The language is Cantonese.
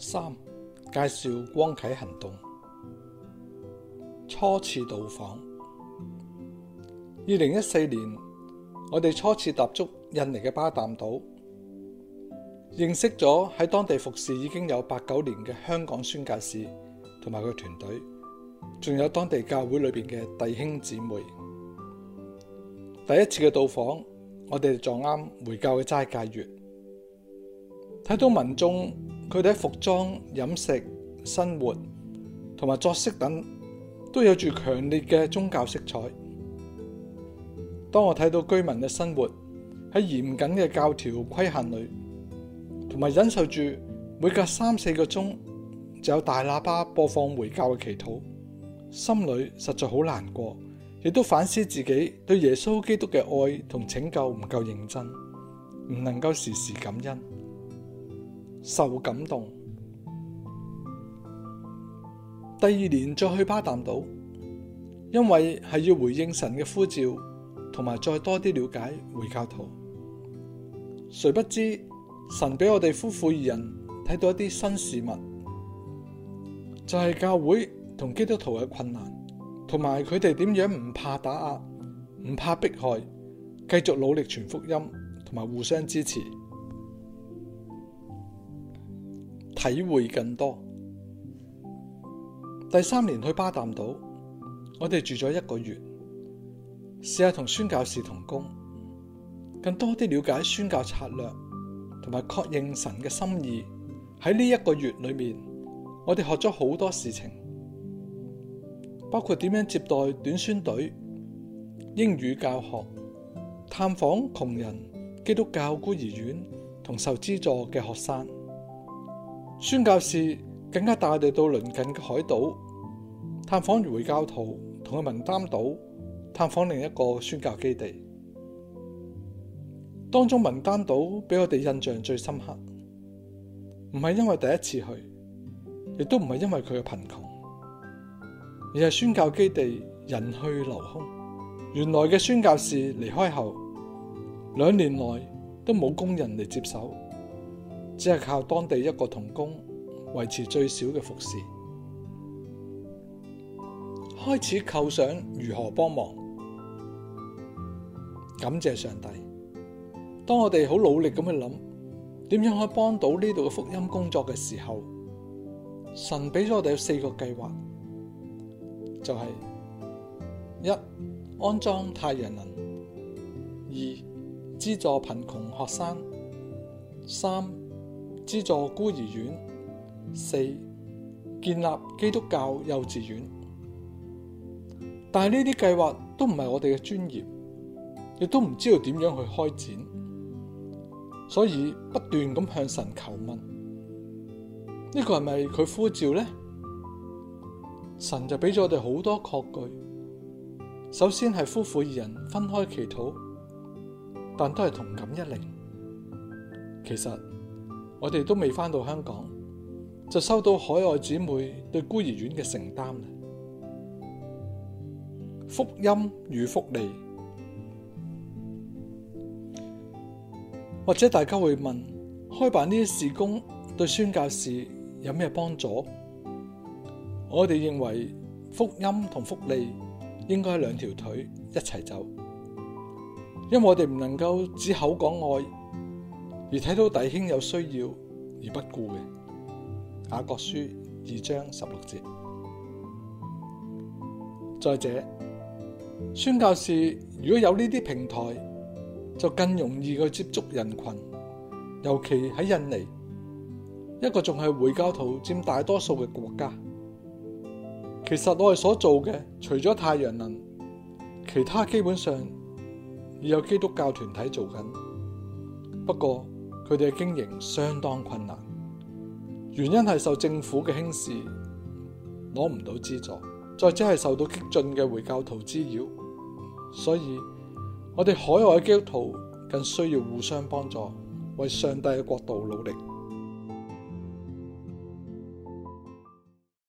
三、介紹光啟行動。初次到訪，二零一四年，我哋初次踏足印尼嘅巴淡島，認識咗喺當地服侍已經有八九年嘅香港宣教士同埋佢團隊，仲有當地教會裏邊嘅弟兄姊妹。第一次嘅到訪，我哋撞啱回教嘅齋戒月，睇到民眾。佢哋喺服裝、飲食、生活同埋作息等，都有住強烈嘅宗教色彩。當我睇到居民嘅生活喺嚴謹嘅教條規限裏，同埋忍受住每隔三四個鐘就有大喇叭播放回教嘅祈禱，心裏實在好難過，亦都反思自己對耶穌基督嘅愛同拯救唔夠認真，唔能夠時時感恩。受感動，第二年再去巴淡島，因為係要回應神嘅呼召，同埋再多啲了解回教徒。誰不知神俾我哋夫婦二人睇到一啲新事物，就係、是、教會同基督徒嘅困難，同埋佢哋點樣唔怕打壓、唔怕迫害，繼續努力傳福音，同埋互相支持。體會更多。第三年去巴淡島，我哋住咗一個月，試下同宣教士同工，更多啲了解宣教策略，同埋確認神嘅心意。喺呢一個月裏面，我哋學咗好多事情，包括點樣接待短宣隊、英語教學、探訪窮人、基督教孤兒院同受資助嘅學生。宣教士更加帶我哋到鄰近嘅海島探訪回教徒，同去文丹島探訪另一個宣教基地。當中文丹島俾我哋印象最深刻，唔係因為第一次去，亦都唔係因為佢嘅貧窮，而係宣教基地人去樓空。原來嘅宣教士離開後，兩年內都冇工人嚟接手。只係靠當地一個童工維持最少嘅服侍，開始構想如何幫忙。感謝上帝，當我哋好努力咁去諗點樣可以幫到呢度嘅福音工作嘅時候，神俾咗我哋有四個計劃，就係一安裝太陽能，二資助貧窮學生，三、資助孤兒院，四，建立基督教幼稚園，但係呢啲計劃都唔係我哋嘅專業，亦都唔知道點樣去開展，所以不斷咁向神求問，呢個係咪佢呼召呢？神就俾咗我哋好多確據，首先係夫婦二人分開祈禱，但都係同感一靈，其實。我哋都未返到香港，就收到海外姊妹對孤兒院嘅承擔啦。福音與福利，或者大家會問，開辦呢啲事工對宣教士有咩幫助？我哋認為福音同福利應該兩條腿一齊走，因為我哋唔能夠只口講愛。而睇到弟兄有需要而不顧嘅，雅各書二章十六節。再者，宣教士如果有呢啲平台，就更容易去接觸人群，尤其喺印尼，一個仲係回教徒佔大多數嘅國家。其實我哋所做嘅，除咗太陽能，其他基本上已有基督教團體做緊，不過，佢哋嘅經營相當困難，原因係受政府嘅輕視，攞唔到資助，再者係受到激進嘅回教徒滋擾，所以我哋海外嘅基督徒更需要互相幫助，為上帝嘅國度努力。